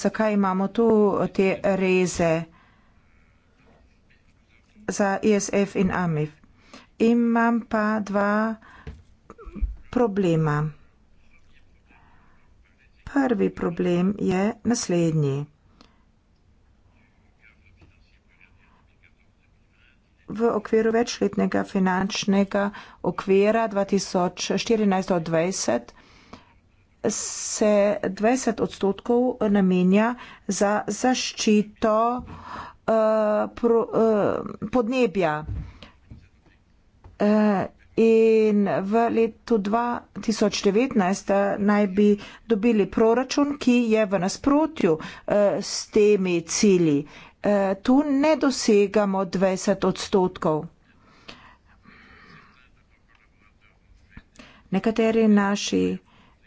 Zakaj imamo tu te reze za ISF e in AMIF? Imam pa dva problema. Prvi problem je naslednji. V okviru večletnega finančnega okvira 2014-2020 se 20 odstotkov namenja za zaščito uh, pro, uh, podnebja. Uh, in v letu 2019 naj bi dobili proračun, ki je v nasprotju uh, s temi cili. Uh, tu ne dosegamo 20 odstotkov. Nekateri naši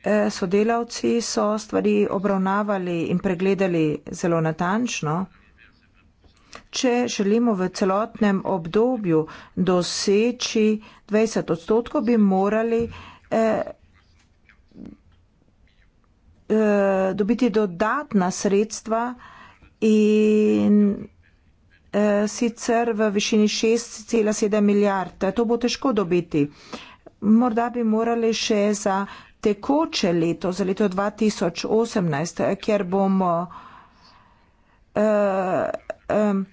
Eh, sodelavci so stvari obravnavali in pregledali zelo natančno. Če želimo v celotnem obdobju doseči 20 odstotkov, bi morali eh, eh, dobiti dodatna sredstva in eh, sicer v višini 6,7 milijard. To bo težko dobiti. Morda bi morali še za tekoče leto, za leto 2018, kjer bomo uh, um,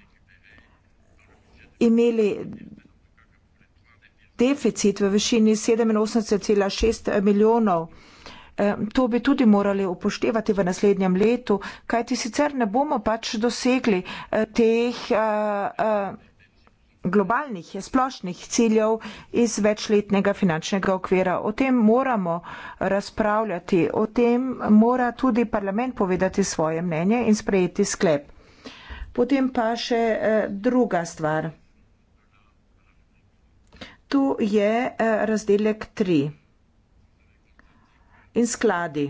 imeli deficit v višini 87,6 milijonov. To bi tudi morali upoštevati v naslednjem letu, kajti sicer ne bomo pač dosegli eh, teh eh, globalnih, splošnih ciljev iz večletnega finančnega okvira. O tem moramo razpravljati, o tem mora tudi parlament povedati svoje mnenje in sprejeti sklep. Potem pa še eh, druga stvar. Tu je eh, razdelek 3 in skladi.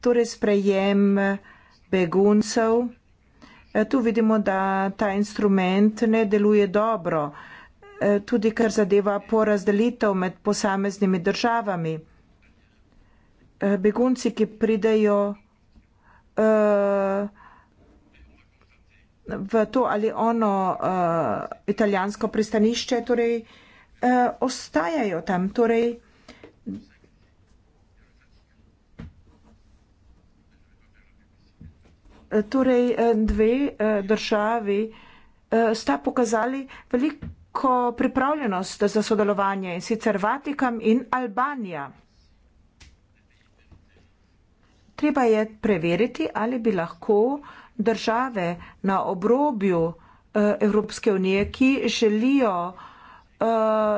Torej sprejem beguncev. Eh, tu vidimo, da ta instrument ne deluje dobro, eh, tudi kar zadeva porazdelitev med posameznimi državami. Eh, begunci, ki pridejo v to ali ono italijansko pristanišče, torej ostajajo tam. Torej, Torej, eh, dve eh, državi eh, sta pokazali veliko pripravljenost za sodelovanje in sicer Vatikan in Albanija. Treba je preveriti, ali bi lahko države na obrobju Evropske unije, ki želijo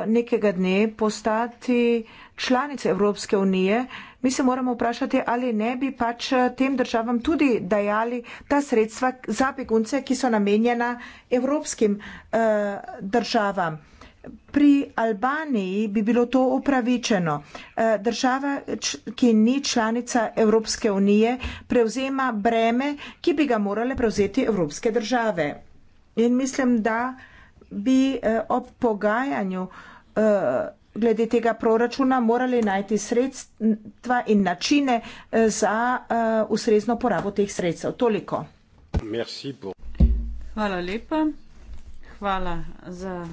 nekega dne postati članice Evropske unije, mi se moramo vprašati, ali ne bi pač eh, tem državam tudi dajali ta sredstva za begunce, ki so namenjena evropskim eh, državam. Pri Albaniji bi bilo to upravičeno. Eh, država, ki ni članica Evropske unije, prevzema breme, ki bi ga morale prevzeti evropske države. In mislim, da bi eh, ob pogajanju glede tega proračuna morali najti sredstva in načine eh, za eh, ustrezno porabo teh sredstev. Toliko. Hvala lepa. Hvala za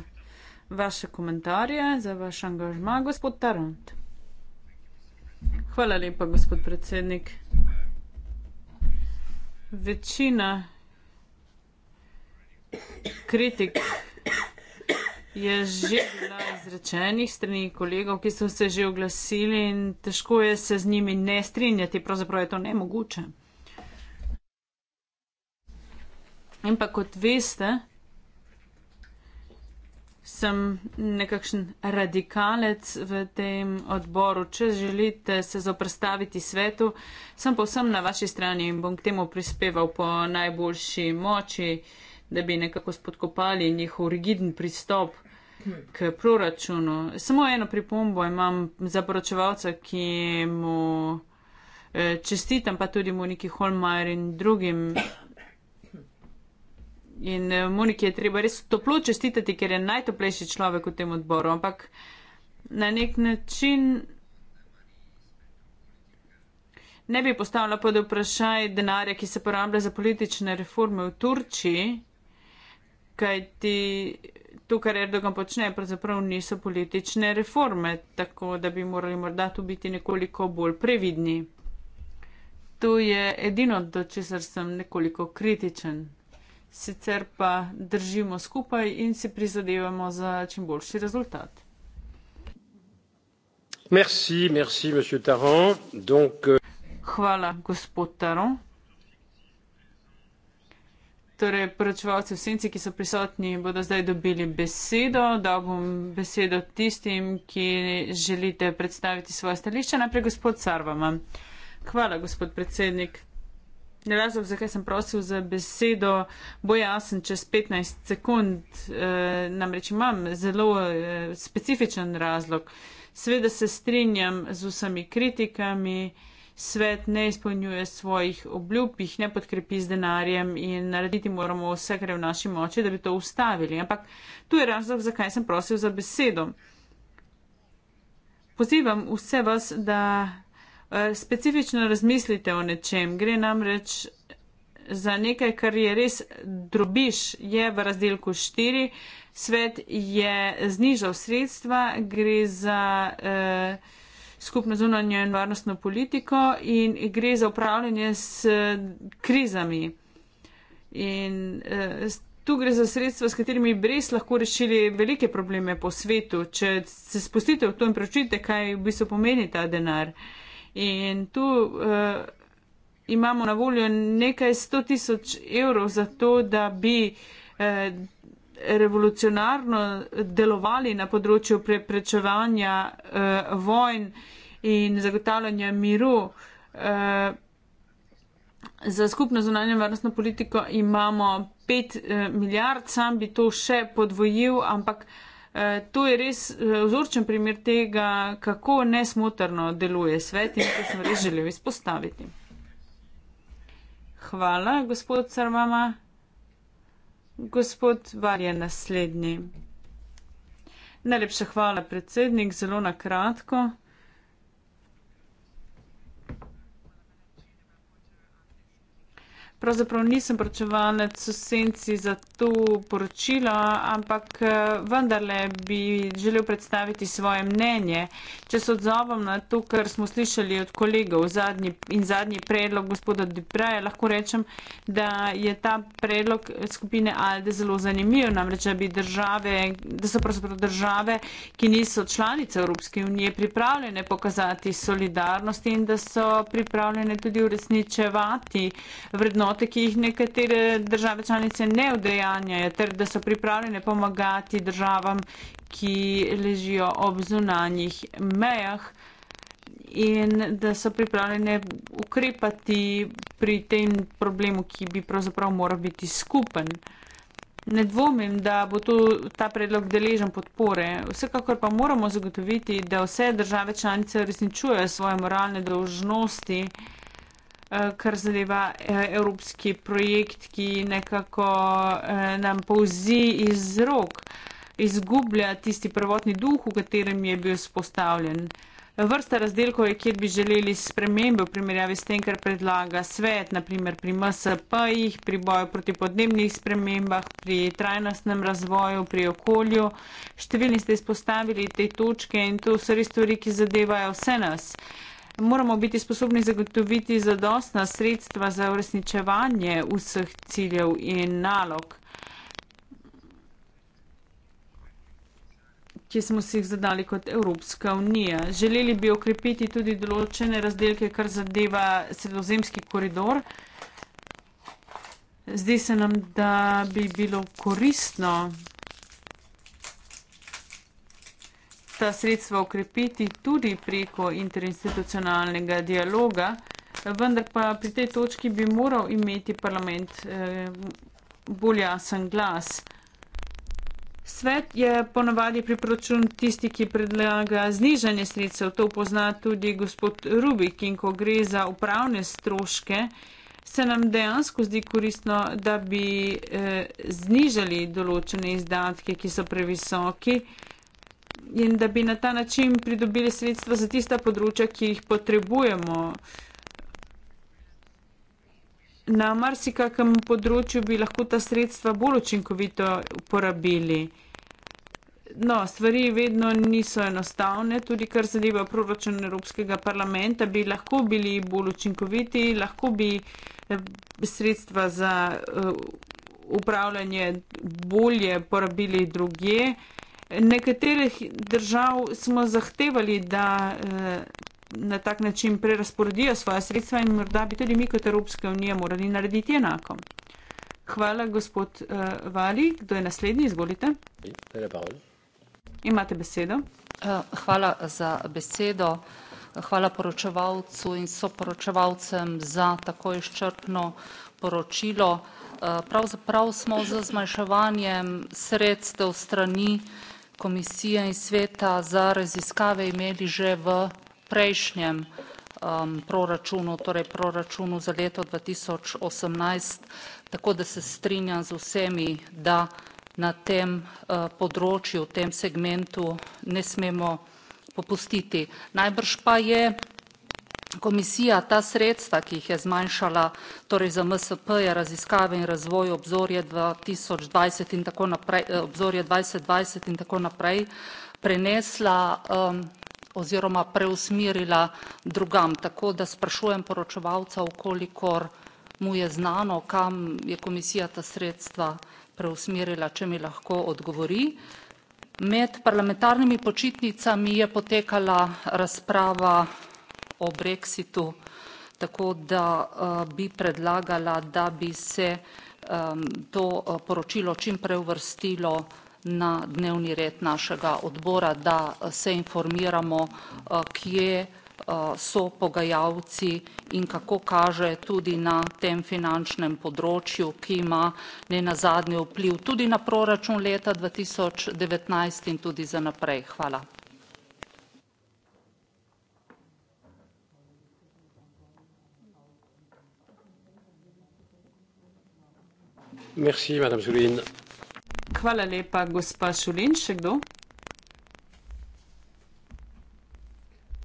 vaše komentarje, za vaš angažma, gospod Tarant. Hvala lepa, gospod predsednik. Večina kritik je že bila izrečenih strani kolegov, ki so se že oglasili in težko je se z njimi ne strinjati, pravzaprav je to nemogoče. In pa kot veste, sem nekakšen radikalec v tem odboru. Če želite se zoprstaviti svetu, sem povsem na vaši strani in bom k temu prispeval po najboljši moči, da bi nekako spodkopali njihov rigidni pristop k proračunu. Samo eno pripombo imam za poročevalca, ki mu e, čestitam, pa tudi Moniki Holmajer in drugim. In e, Moniki je treba res toplo čestitati, ker je najtoplejši človek v tem odboru. Ampak na nek način. Ne bi postavila pod vprašaj denarja, ki se porablja za politične reforme v Turčiji, kajti to, kar Erdogan počne, pravzaprav niso politične reforme, tako da bi morali morda tu biti nekoliko bolj previdni. To je edino, do česar sem nekoliko kritičen. Sicer pa držimo skupaj in si prizadevamo za čim boljši rezultat. Merci, merci, euh, Hvala, gospod Taron. Torej, poročevalci v senci, ki so prisotni, bodo zdaj dobili besedo. Dal bom besedo tistim, ki želite predstaviti svoje stališče. Najprej gospod Sarvama. Hvala, gospod predsednik. Ne razlog, zakaj sem prosil za besedo, bo jasen čez 15 sekund. E, namreč imam zelo e, specifičen razlog. Sveda se strinjam z vsemi kritikami svet ne izpolnjuje svojih obljub, jih ne podkrepi z denarjem in narediti moramo vse, kar je v naši moči, da bi to ustavili. Ampak tu je razlog, zakaj sem prosil za besedo. Pozivam vse vas, da eh, specifično razmislite o nečem. Gre namreč za nekaj, kar je res drobiš, je v razdelku štiri. Svet je znižal sredstva, gre za. Eh, skupno zunanje in varnostno politiko in gre za upravljanje s eh, krizami. In eh, tu gre za sredstva, s katerimi bi res lahko rešili velike probleme po svetu, če se spustite v to in pročite, kaj v bistvu pomeni ta denar. In tu eh, imamo na voljo nekaj sto tisoč evrov za to, da bi. Eh, revolucionarno delovali na področju preprečevanja uh, vojn in zagotavljanja miru. Uh, za skupno zunanjo varnostno politiko imamo 5 uh, eh, milijard, sam bi to še podvojil, ampak uh, to je res vzorčen primer tega, kako nesmotrno deluje svet in to sem res želel izpostaviti. Hvala, gospod Sarvama. Gospod Var je naslednji. Najlepša hvala, predsednik, zelo na kratko. Pravzaprav nisem pročevalec v senci za to poročilo, ampak eh, vendarle bi želel predstaviti svoje mnenje. Če se odzovem na to, kar smo slišali od kolegov zadnji in zadnji predlog gospoda Dupraja, lahko rečem, da je ta predlog skupine Alde zelo zanimiv. Namreč, da, države, da so pravzaprav države, ki niso članice Evropske unije, pripravljene pokazati solidarnost in da so pripravljene tudi uresničevati vrednote vrednote, ki jih nekatere države članice ne odejanjajo, ter da so pripravljene pomagati državam, ki ležijo ob zunanjih mejah in da so pripravljene ukrepati pri tem problemu, ki bi pravzaprav moral biti skupen. Ne dvomim, da bo tu ta predlog deležen podpore. Vsekakor pa moramo zagotoviti, da vse države članice resničujejo svoje moralne dolžnosti. Eh, kar zadeva eh, evropski projekt, ki nekako eh, nam povzi iz rok, izgublja tisti prvotni duh, v katerem je bil spostavljen. Vrsta razdelkov je, kjer bi želeli spremembe v primerjavi s tem, kar predlaga svet, naprimer pri MSP-jih, pri boju proti podnebnih spremembah, pri trajnostnem razvoju, pri okolju. Številni ste izpostavili te točke in to so res stvari, ki zadevajo vse nas. Uh, moramo biti sposobni zagotoviti zadostna sredstva za uresničevanje vseh ciljev in nalog, ki smo si jih zadali kot Evropska unija. Želeli bi okrepiti tudi določene razdelke, kar zadeva sredozemski koridor. Zdi se nam, da bi bilo koristno ta sredstva okrepiti tudi preko interinstitucionalnega dialoga, vendar pa pri tej točki bi moral imeti parlament eh, bolj jasen glas. Svet je ponavadi pri proračun tisti, ki predlaga znižanje sredstev. To pozna tudi gospod Rubik in ko gre za upravne stroške, se nam dejansko zdi koristno, da bi eh, znižali določene izdatke, ki so previsoki. Eh, in da bi na ta način pridobili sredstva za tista področja, ki jih potrebujemo. Na marsikakem področju bi lahko ta sredstva bolj učinkovito uporabili. No, stvari vedno niso enostavne, tudi kar zadeva proračun Evropskega parlamenta, bi lahko bili bolj učinkoviti, lahko bi eh, sredstva za eh, upravljanje bolje porabili drugje. Uh, Nekaterih držav smo zahtevali, da eh, na tak način prerasporedijo svoje sredstva in morda bi tudi mi kot Evropska unija morali narediti enako. Hvala, gospod eh, Vali. Kdo je naslednji? Izvolite. Imate besedo. Eh, hvala za besedo. Hvala poročevalcu in soporočevalcem za tako izčrpno poročilo. Pravzaprav smo z zmanjševanjem sredstev strani komisije in sveta za raziskave imeli že v prejšnjem um, proračunu, torej proračunu za leto 2018, tako da se strinjam z vsemi, da na tem uh, področju, v tem segmentu ne smemo popustiti. Najbrž pa je komisija ta sredstva, ki jih je zmanjšala, torej za MSP-je, raziskave in razvoj, obzorje dva tisoč dvajset in tako naprej, eh, obzorje dvajset dvajset in tako naprej, prenesla, oziroma preusmerila drugam, tako da sprašujem poročevalca, v kolikor mu je znano, kam je komisija ta sredstva preusmerila, če mi lahko odgovori. Med parlamentarnimi počitnicami je potekala razprava o brexitu, tako da eh, bi predlagala, da bi se to eh, poročilo čim prej uvrstilo na dnevni red našega odbora, da eh, se informiramo, kje so pogajalci in kako kaže tudi na tem finančnem področju, ki ima ne nazadnje vpliv tudi na proračun leta 2019 in tudi za naprej. Hvala. Merci, madame Schulin. Hvala lepa, gospa Šulin. Še kdo?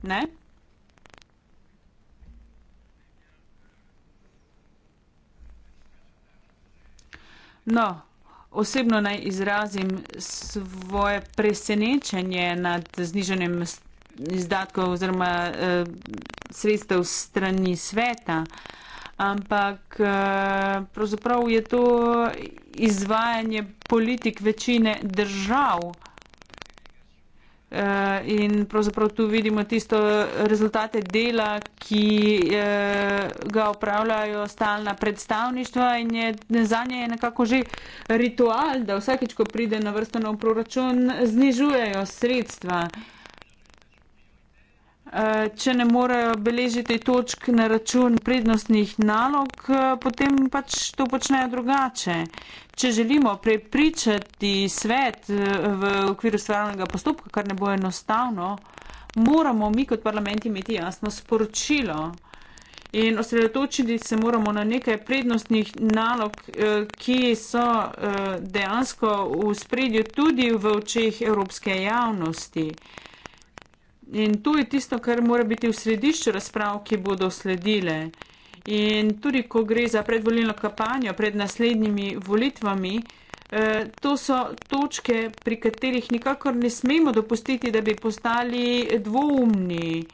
Ne? No, osebno naj izrazim svoje presenečenje nad znižanjem izdatkov oziroma eh, sredstev strani sveta. Eh, ampak eh, pravzaprav je to izvajanje politik večine držav. Eh, in pravzaprav tu vidimo tisto rezultate dela, ki eh, ga upravljajo stalna predstavništva in je za nje je nekako že ritual, da vsakič, ko pride na vrsto nov proračun, znižujejo sredstva. Uh, Eh, če ne morejo beležiti točk na račun prednostnih nalog, eh, potem pač to počnejo drugače. Če želimo prepričati svet eh, v okviru stvarnega postopka, kar ne bo enostavno, moramo mi kot parlament imeti jasno sporočilo. In osredotočiti se moramo na nekaj prednostnih nalog, ki so dejansko v spredju tudi v očeh evropske javnosti in to je tisto, kar mora biti v središču razprav, ki bodo sledile. In tudi, ko gre za predvolilno kampanjo pred naslednjimi volitvami, eh, to so točke, pri katerih nikakor ne smemo dopustiti, da bi postali dvoumni.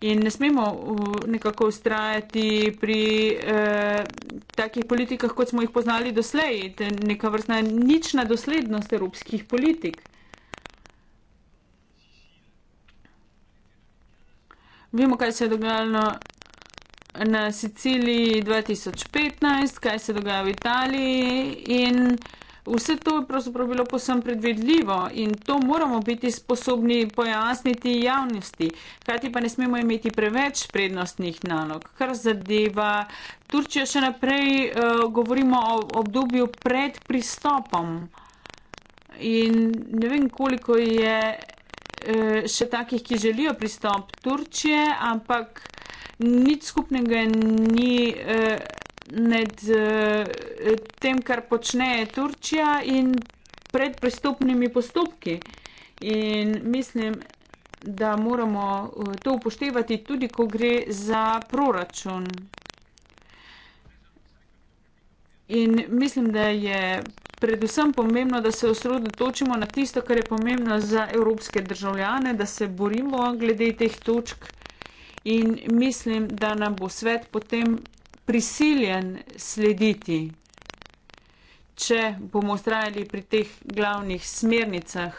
In ne smemo eh, nekako ustrajati pri eh, takih politikah, kot smo jih poznali doslej, neka vrstna nična doslednost evropskih politik. Vemo, kaj se je dogajalo na Siciliji 2015, kaj se dogaja v Italiji in vse to je pravzaprav bilo posem predvidljivo in to moramo biti sposobni pojasniti javnosti. Hkrati pa ne smemo imeti preveč prednostnih nalog, kar zadeva Turčijo. Še naprej uh, govorimo o obdobju pred pristopom. In ne vem, koliko je Eh, še takih, ki želijo pristop Turčije, ampak nič skupnega ni eh, med eh, tem, kar počne Turčija in predpristopnimi postopki. In mislim, da moramo to upoštevati tudi, ko gre za proračun. In mislim, da je predvsem pomembno, da se osredotočimo na tisto, kar je pomembno za evropske državljane, da se borimo glede teh točk in mislim, da nam bo svet potem prisiljen slediti, če bomo ustrajali pri teh glavnih smernicah.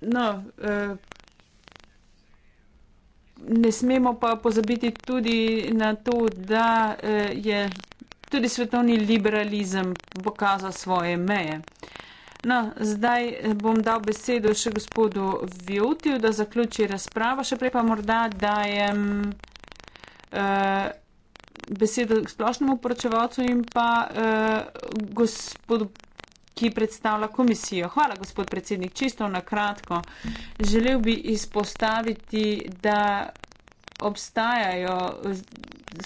No, eh, ne smemo pa pozabiti tudi na to, da eh, je tudi svetovni liberalizem pokazal svoje meje. No, zdaj bom dal besedo še gospodu Vjotiju, da zaključi razpravo, še prej pa morda dajem eh, besedo k splošnemu poročevalcu in pa eh, gospodu ki predstavlja komisijo. Hvala, gospod predsednik. Čisto na kratko. Želel bi izpostaviti, da obstajajo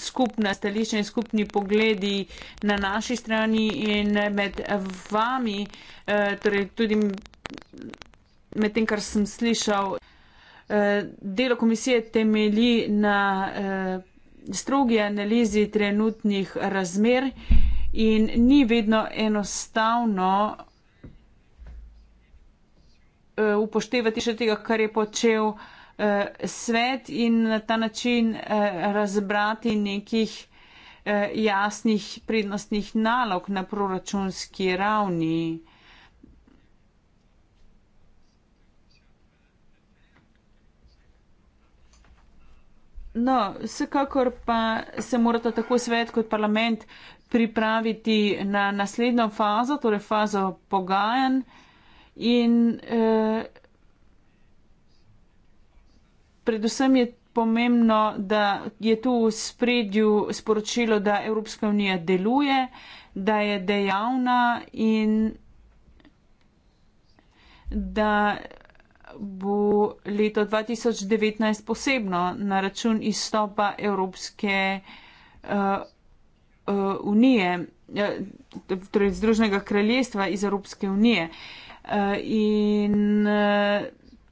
skupna stališča in skupni pogledi na naši strani in med vami, eh, torej tudi med tem, kar sem slišal. Eh, delo komisije temelji na eh, strogi analizi trenutnih razmer in ni vedno enostavno eh, upoštevati še tega, kar je počel eh, svet in na ta način eh, razbrati nekih jasnih prednostnih nalog na proračunski ravni. No, vsekakor pa se morata tako svet kot parlament pripraviti na naslednjo fazo, torej fazo pogajanj in eh, predvsem je pomembno, da je tu v spredju sporočilo, da Evropska unija deluje, da je dejavna in da bo leto 2019 posebno na račun izstopa Evropske uh, uh, unije, eh, torej Združenega kraljestva iz Evropske unije. Uh, in uh,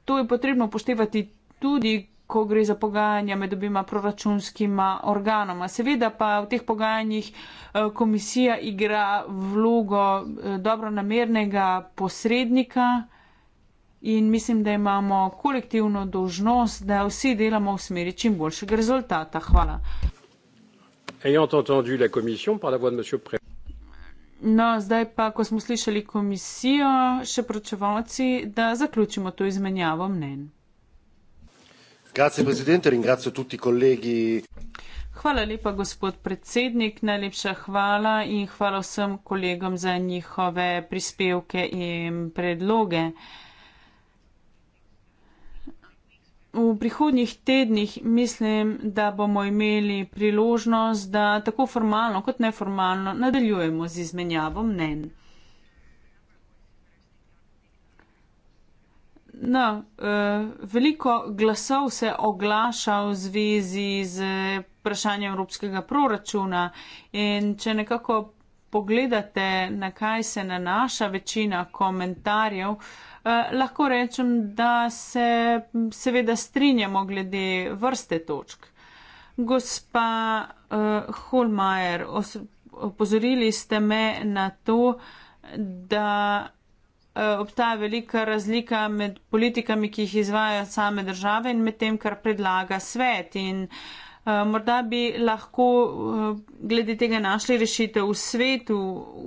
to je potrebno upoštevati tudi, ko gre za pogajanja med obima proračunskima organoma. Seveda pa v teh pogajanjih komisija igra vlogo dobronamernega posrednika in mislim, da imamo kolektivno dožnost, da vsi delamo v smeri čim boljšega rezultata. Hvala. Ayant entendu la commission par la voix de monsieur Pre No, zdaj pa, ko smo slišali komisijo, še pročevalci, da zaključimo to izmenjavo mnen. Hvala lepa, gospod predsednik, najlepša hvala in hvala vsem kolegom za njihove prispevke in predloge. V prihodnjih tednih mislim, da bomo imeli priložnost, da tako formalno kot neformalno nadaljujemo z izmenjavo mnen. No, eh, veliko glasov se oglaša v zvezi z vprašanjem evropskega proračuna in če nekako pogledate, na kaj se nanaša večina komentarjev, Eh, lahko rečem, da se seveda strinjamo glede vrste točk. Gospa uh, Holmajer, opozorili ste me na to, da uh, obstaja velika razlika med politikami, ki jih izvajajo same države in med tem, kar predlaga svet. In uh, Eh, morda bi lahko eh, glede tega našli rešitev v svetu.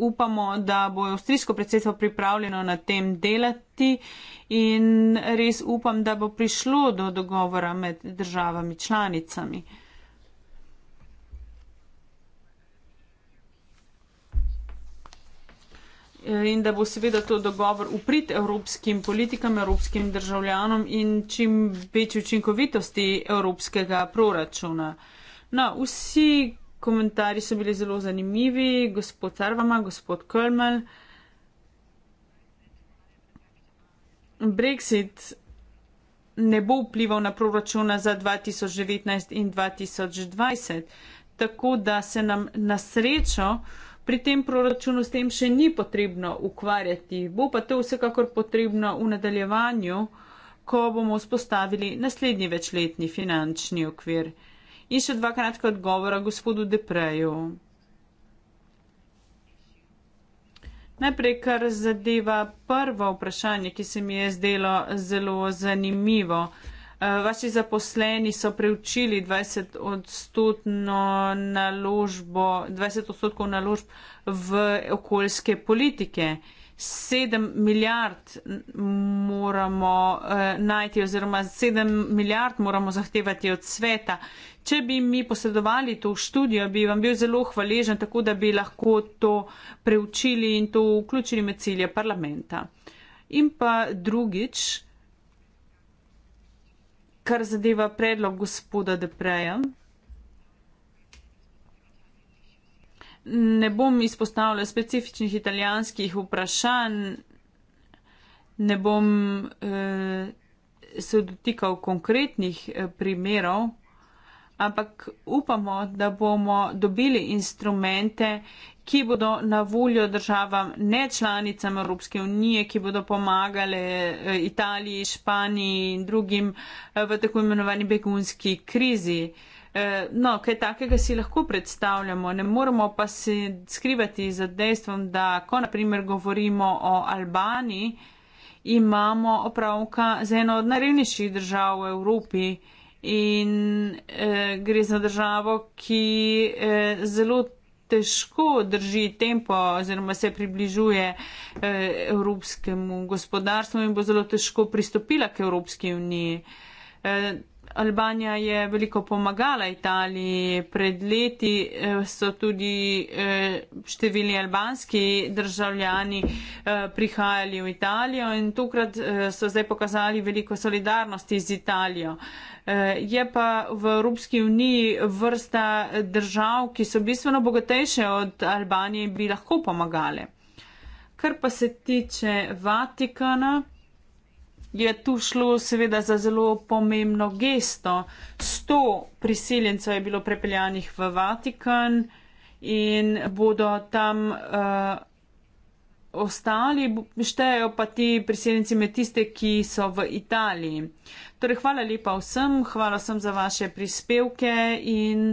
Upamo, da bo avstrijsko predsedstvo pripravljeno na tem delati in res upam, da bo prišlo do dogovora med državami članicami. in da bo seveda to dogovor uprit evropskim politikam, evropskim državljanom in čim večji učinkovitosti evropskega proračuna. No, vsi komentarji so bili zelo zanimivi, gospod Arvama, gospod Kölmel. Brexit ne bo vplival na proračuna za 2019 in 2020, tako da se nam na srečo pri tem proračunu s tem še ni potrebno ukvarjati. Bo pa to vsekakor potrebno v nadaljevanju, ko bomo vzpostavili naslednji večletni finančni okvir. In še dva kratka odgovora gospodu Depreju. Najprej, kar zadeva prvo vprašanje, ki se mi je zdelo zelo zanimivo. Eh, vaši zaposleni so preučili 20 odstotkov naložb, naložb v okoljske politike. 7 milijard moramo eh, najti oziroma 7 milijard moramo zahtevati od sveta. Če bi mi posredovali to študijo, bi vam bil zelo hvaležen, tako da bi lahko to preučili in to vključili med cilje parlamenta. In pa drugič, kar zadeva predlog gospoda Depreja. Ne bom izpostavljal specifičnih italijanskih vprašanj, ne bom eh, se dotikal konkretnih eh, primerov, ampak upamo, da bomo dobili instrumente ki bodo na voljo državam, ne članicam Evropske unije, ki bodo pomagale eh, Italiji, Španiji in drugim eh, v tako imenovani begunski krizi. Eh, no, kaj takega si lahko predstavljamo, ne moramo pa se skrivati za dejstvom, da ko naprimer govorimo o Albaniji, imamo opravka z eno od najrevnejših držav v Evropi in eh, gre za državo, ki eh, zelo težko drži tempo oziroma se približuje eh, evropskemu gospodarstvu in bo zelo težko pristopila k Evropski uniji. Eh, Albanija je veliko pomagala Italiji. Pred leti eh, so tudi eh, številni albanski državljani eh, prihajali v Italijo in tukrat so zdaj pokazali veliko solidarnosti z Italijo. Je pa v Evropski uniji vrsta držav, ki so bistveno bogatejše od Albanije, bi lahko pomagale. Kar pa se tiče Vatikana je tu šlo seveda za zelo pomembno gesto. Sto priseljencev je bilo prepeljanih v Vatikan in bodo tam uh, ostali, štejejo pa ti priseljenci med tiste, ki so v Italiji. Torej, hvala lepa vsem, hvala sem za vaše prispevke in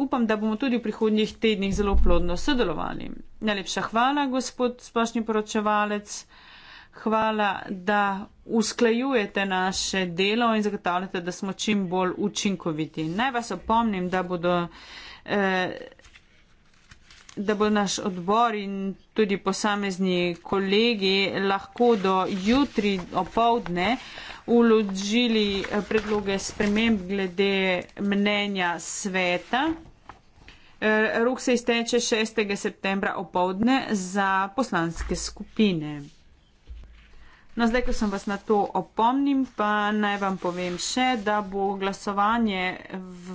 upam, da bomo tudi v prihodnjih tednih zelo plodno sodelovali. Najlepša hvala, gospod splošni poročevalec. Hvala, da usklajujete naše delo in zagotavljate, da smo čim bolj učinkoviti. Naj vas opomnim, da bodo. Eh, da bo naš odbor in tudi posamezni kolegi lahko do jutri opovdne uložili eh, predloge sprememb glede mnenja sveta. Eh, Ruk se izteče 6. septembra opovdne za poslanske skupine. No, zdaj, ko sem vas na to opomnim, pa naj vam povem še, da bo glasovanje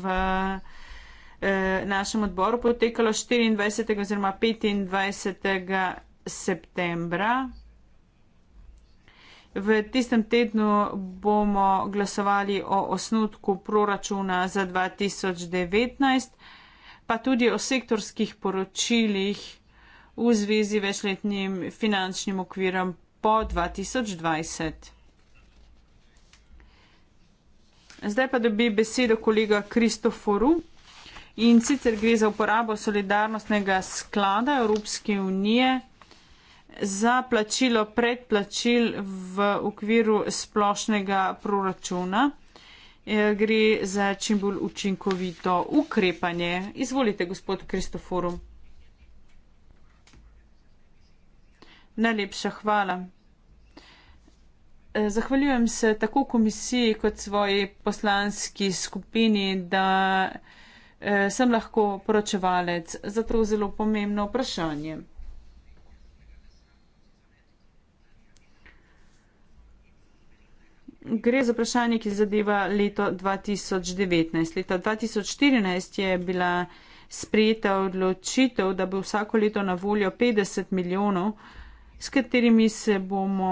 v eh, našem odboru potekalo 24. oziroma 25. septembra. V tistem tednu bomo glasovali o osnutku proračuna za 2019, pa tudi o sektorskih poročilih v zvezi večletnim finančnim okvirom po 2020. Zdaj pa dobi besedo kolega Kristoforu in sicer gre za uporabo solidarnostnega sklada Evropske unije za plačilo predplačil v okviru splošnega proračuna. E, gre za čim bolj učinkovito ukrepanje. Izvolite, gospod Kristoforum. Najlepša hvala. Eh, zahvaljujem se tako komisiji kot svoji poslanski skupini, da eh, sem lahko poročevalec za to zelo pomembno vprašanje. Gre za vprašanje, ki zadeva leto 2019. Leta 2014 je bila sprejeta odločitev, da bo vsako leto na voljo 50 milijonov s katerimi se bomo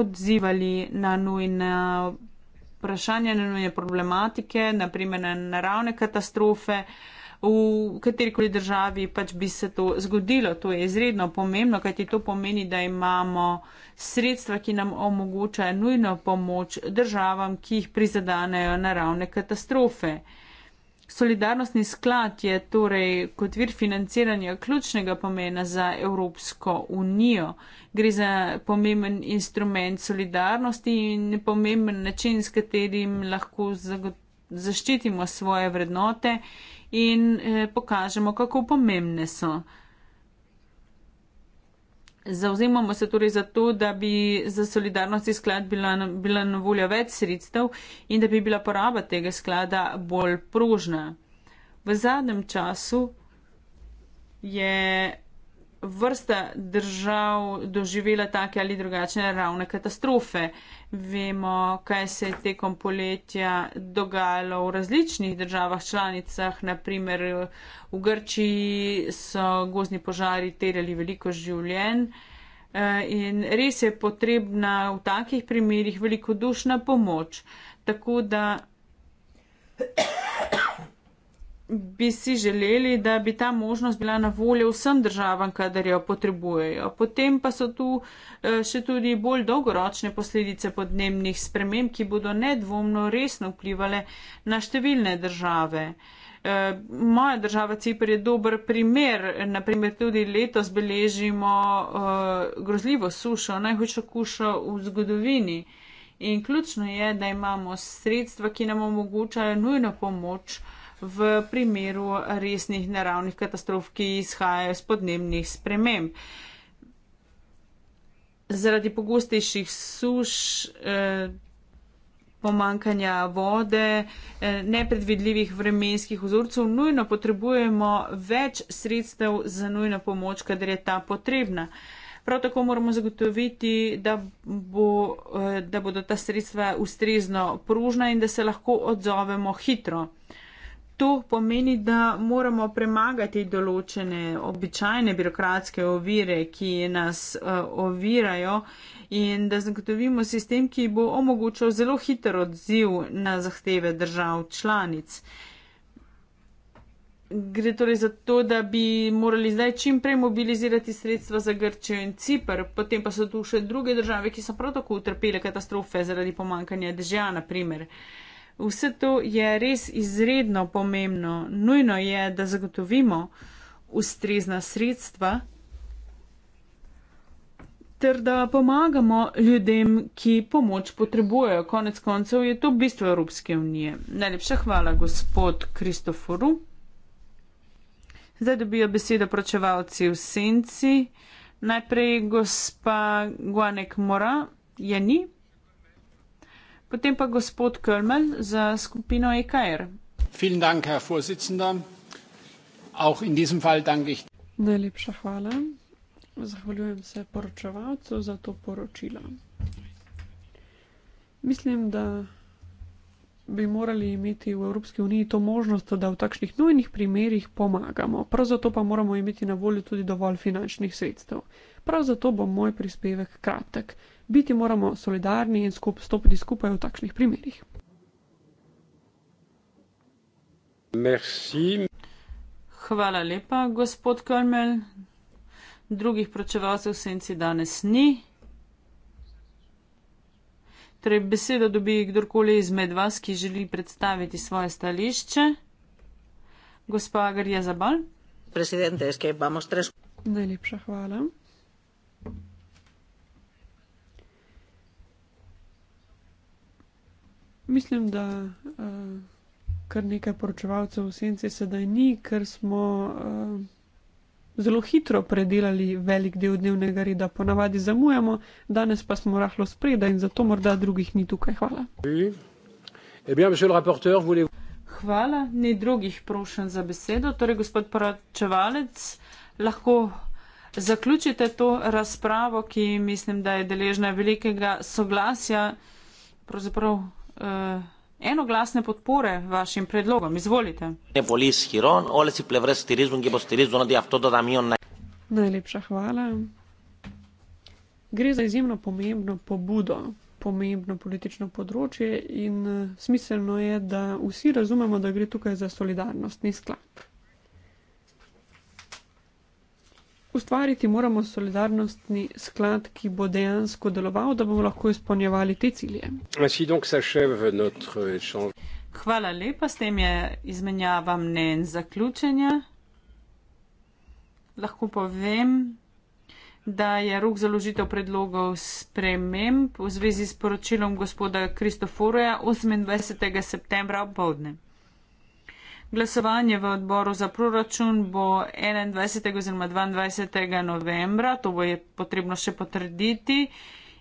odzivali na nujne vprašanja, na nujne problematike, naprimer na naravne katastrofe, v katerikoli državi pač bi se to zgodilo. To je izredno pomembno, kajti to pomeni, da imamo sredstva, ki nam omogočajo nujno pomoč državam, ki jih prizadanejo naravne katastrofe. Solidarnostni sklad je torej kot vir financiranja ključnega pomena za Evropsko unijo. Gre za pomemben instrument solidarnosti in pomemben način, s katerim lahko zaščitimo svoje vrednote in eh, pokažemo, kako pomembne so. Zauzemamo se torej za to, da bi za solidarnost iz sklad bila, bila na voljo več sredstev in da bi bila poraba tega sklada bolj prožna. V zadnjem času je vrsta držav doživela take ali drugačne ravne katastrofe. Vemo, kaj se je tekom poletja dogajalo v različnih državah članicah, naprimer v Grčiji so gozni požari terjali veliko življenj. Eh, in res je potrebna v takih primerjih velikodušna pomoč. Tako da bi si želeli, da bi ta možnost bila na voljo vsem državam, kadar jo potrebujejo. Potem pa so tu eh, še tudi bolj dolgoročne posledice podnebnih sprememb, ki bodo nedvomno resno vplivali na številne države. Eh, moja država Cipr je dober primer, naprimer tudi letos beležimo eh, grozljivo sušo, najhujšo kušo v zgodovini. In ključno je, da imamo sredstva, ki nam omogočajo nujno pomoč, uh, v primeru resnih naravnih katastrof, ki izhajajo iz podnebnih sprememb. Zaradi pogostejših suš, eh, pomankanja vode, eh, nepredvidljivih vremenskih vzorcev, nujno potrebujemo več sredstev za nujno pomoč, kadar je ta potrebna. Prav tako moramo zagotoviti, da, bo, eh, da bodo ta sredstva ustrezno pružna in da se lahko odzovemo hitro. To pomeni, da moramo premagati določene običajne birokratske ovire, ki nas uh, ovirajo in da zagotovimo sistem, ki bo omogočal zelo hiter odziv na zahteve držav članic. Gre torej za to, da bi morali zdaj čim prej mobilizirati sredstva za Grčijo in Cipr, potem pa so tu še druge države, ki so prav tako utrpele katastrofe zaradi pomankanja dežja, naprimer. Uh, Vse to je res izredno pomembno. Nujno je, da zagotovimo ustrezna sredstva ter da pomagamo ljudem, ki pomoč potrebujejo. Konec koncev je to bistvo Evropske unije. Najlepša hvala gospod Kristoforu. Zdaj dobijo besedo pročevalci v senci. Najprej gospa Guanek Mora, je ni. Potem pa gospod Kölmel za skupino EKR. Vielen Dank, Herr Vorsitzender. Auch in diesem Fall danke ich. Najlepša hvala. Zahvaljujem se poročevalcu za to poročilo. Mislim, da bi morali imeti v Evropski uniji to možnost, da v takšnih nujnih primerjih pomagamo. Prav zato pa moramo imeti na voljo tudi dovolj finančnih sredstev. Prav zato bo moj prispevek kratek. Biti moramo solidarni in skup stopiti skupaj v takšnih primerjih. Merci. Hvala lepa, gospod Kölmel. Drugih pročevalcev v senci danes ni. Torej, besedo dobi kdorkoli izmed vas, ki želi predstaviti svoje stališče. Gospa Agarija Zabal. Presidente, es que vamos tres. Najlepša hvala. Mislim, da uh, kar nekaj poročevalcev v senci sedaj ni, ker smo. Uh, zelo hitro predelali velik del dnevnega reda, ponavadi zamujamo, danes pa smo rahlo spredaj in zato morda drugih ni tukaj. Hvala. Eh Hvala, ni drugih prošen za besedo. Torej, gospod poročevalec, lahko zaključite to razpravo, ki mislim, da je deležna velikega soglasja, pravzaprav. Eh, enoglasne podpore vašim predlogom. Izvolite. Najlepša hvala. Gre za izjemno pomembno pobudo, pomembno politično področje in eh, smiselno je, da vsi razumemo, da gre tukaj za solidarnostni sklad. ustvariti moramo solidarnostni sklad, ki bo dejansko deloval, da bomo lahko izpolnjevali te cilje. Hvala lepa, s tem je izmenjava mnen zaključenja. Lahko povem, da je rok založitev predlogov sprememb v zvezi s poročilom gospoda Kristoforeja 28. septembra ob povdne. Glasovanje v odboru za proračun bo 21. oziroma 22. novembra, to bo je potrebno še potrditi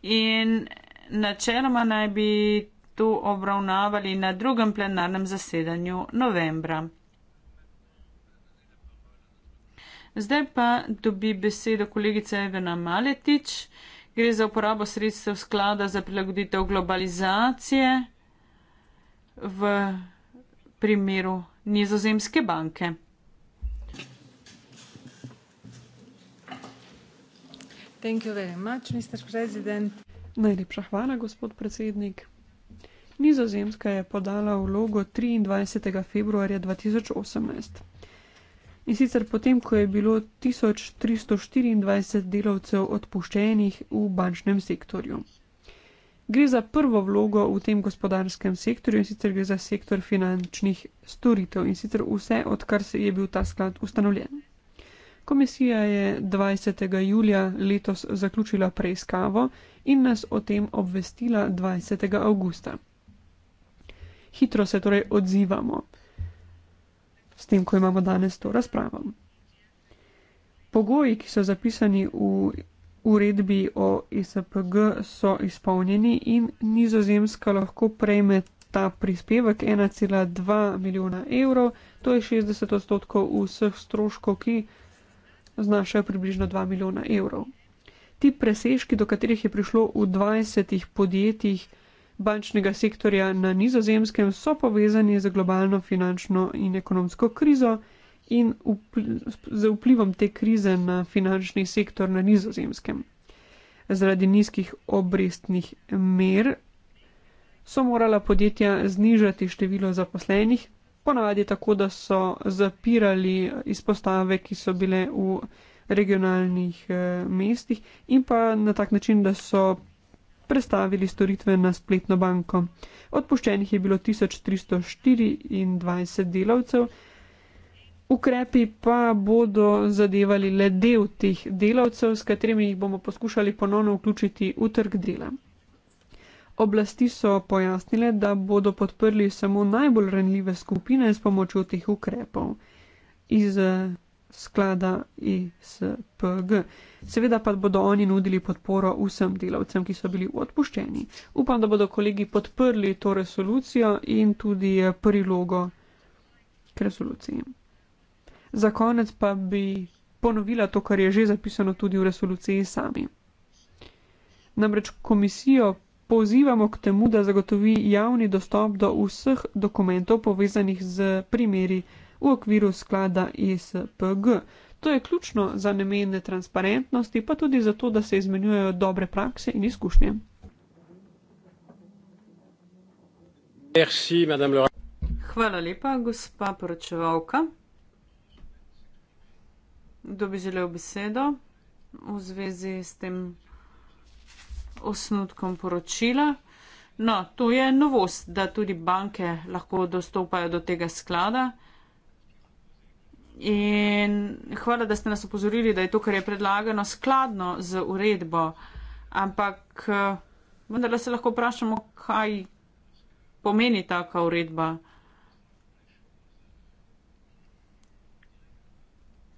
in načeloma naj bi to obravnavali na drugem plenarnem zasedanju novembra. Zdaj pa dobi besedo kolegica Evena Maletič. Gre za uporabo sredstev sklada za prilagoditev globalizacije v primeru nizozemske banke. Najlepša hvala, gospod predsednik. Nizozemska je podala vlogo 23. februarja 2018. In sicer potem, ko je bilo 1324 delavcev odpuščenih v bančnem sektorju. Gre za prvo vlogo v tem gospodarskem sektorju in sicer gre za sektor finančnih storitev in sicer vse, odkar se je bil ta sklad ustanovljen. Komisija je 20. julija letos zaključila preiskavo in nas o tem obvestila 20. augusta. Hitro se torej odzivamo s tem, ko imamo danes to razpravo. Pogoji, ki so zapisani v uredbi o ISPG so izpolnjeni in nizozemska lahko prejme ta prispevek 1,2 milijona evrov, to je 60 odstotkov vseh stroškov, ki znašajo približno 2 milijona evrov. Ti presežki, do katerih je prišlo v 20 podjetjih bančnega sektorja na nizozemskem, so povezani z globalno finančno in ekonomsko krizo, in upl z vplivom te krize na finančni sektor na nizozemskem. Zaradi nizkih obrestnih mer so morala podjetja znižati število zaposlenih, ponavadi tako, da so zapirali izpostave, ki so bile v regionalnih eh, mestih in pa na tak način, da so prestavili storitve na spletno banko. Odpuščenih je bilo 1324 delavcev. Ukrepi pa bodo zadevali le del teh delavcev, s katerimi jih bomo poskušali ponovno vključiti v trg dela. Oblasti so pojasnile, da bodo podprli samo najbolj ranljive skupine s pomočjo teh ukrepov iz sklada ISPG. Seveda pa bodo oni nudili podporo vsem delavcem, ki so bili odpuščeni. Upam, da bodo kolegi podprli to resolucijo in tudi eh, prilogo k resoluciji. Za konec pa bi ponovila to, kar je že zapisano tudi v resoluciji sami. Namreč komisijo pozivamo k temu, da zagotovi javni dostop do vseh dokumentov povezanih z primeri v okviru sklada ESPG. To je ključno za namene transparentnosti, pa tudi zato, da se izmenjujejo dobre prakse in izkušnje. Merci, Hvala lepa, gospa poročevalka kdo bi želel besedo v zvezi s tem osnutkom poročila. No, to je novost, da tudi banke lahko dostopajo do tega sklada. In hvala, da ste nas upozorili, da je to, kar je predlagano, skladno z uredbo. Ampak eh, vendar se lahko vprašamo, kaj pomeni taka uredba.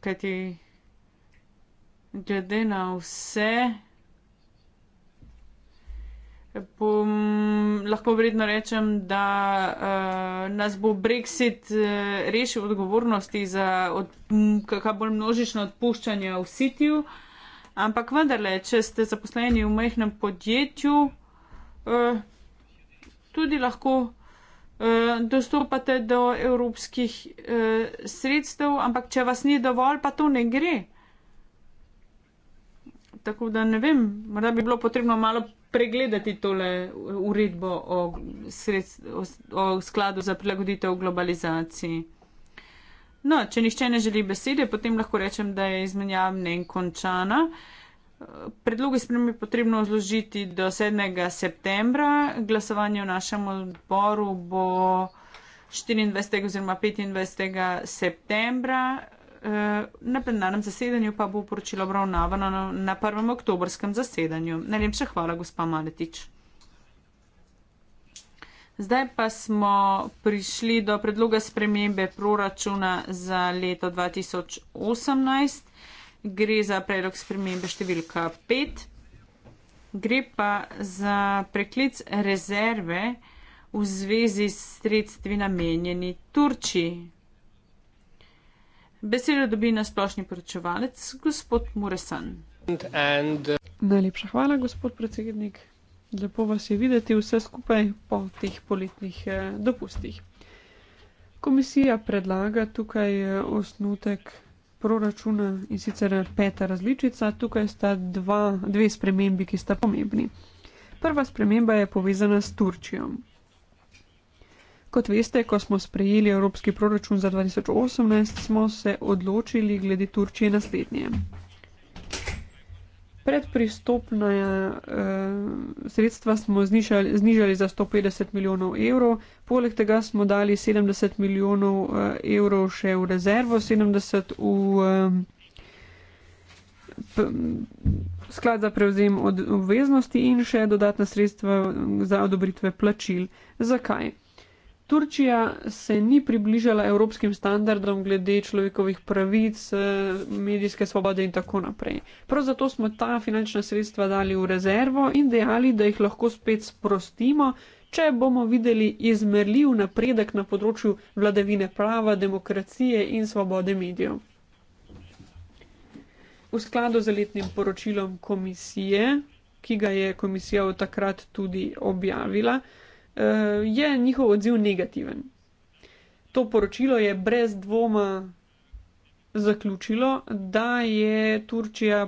Kaj ti glede na vse, bom, lahko vredno rečem, da uh, nas bo Brexit uh, rešil odgovornosti za od, kakšno bolj množično odpuščanje v sitju. Ampak vendarle, če ste zaposleni v majhnem podjetju, eh, tudi lahko eh, dostopate do evropskih eh, sredstev, ampak če vas ni dovolj, pa to ne gre. Tako da ne vem, morda bi bilo potrebno malo pregledati tole uredbo o, sred, o, o skladu za prilagoditev globalizaciji. No, če nišče ne želi besede, potem lahko rečem, da je izmenjava mnen končana. Predlogi sprem je potrebno zložiti do 7. septembra. Glasovanje v našem odboru bo 24. oziroma 25. septembra. Eh, na plenarnem zasedanju pa bo poročilo obravnavano na prvem oktobrskem zasedanju. Najlepša hvala, gospa Maletič. Zdaj pa smo prišli do predloga spremembe proračuna za leto 2018. Gre za predlog spremembe številka 5. Gre pa za preklic rezerve v zvezi s sredstvi namenjeni Turčiji. Besedo dobi na splošni poročevalec, gospod Muresan. Uh, Najlepša hvala, gospod predsednik. Lepo vas je videti vse skupaj po teh poletnih eh, dopustih. Komisija predlaga tukaj eh, osnutek proračuna in sicer peta različica. Tukaj sta dva, dve spremembi, ki sta pomembni. Prva sprememba je povezana s Turčijo kot veste, ko smo sprejeli evropski proračun za 2018, smo se odločili glede Turčije naslednje. Predpristopna uh, sredstva smo znižali, znižali za 150 milijonov evrov, poleg tega smo dali 70 milijonov uh, evrov še v rezervo, 70 v um, sklad za prevzem od obveznosti in še dodatna sredstva za odobritve plačil. Zakaj? Turčija se ni približala evropskim standardom glede človekovih pravic, eh, medijske svobode in tako naprej. Prav zato smo ta finančna sredstva dali v rezervo in dejali, da jih lahko spet sprostimo, če bomo videli izmerljiv napredek na področju vladavine prava, demokracije in svobode medijev. V skladu z letnim poročilom komisije, ki ga je komisija v takrat tudi objavila, Eh, je njihov odziv negativen. To poročilo je brez dvoma zaključilo, da je Turčija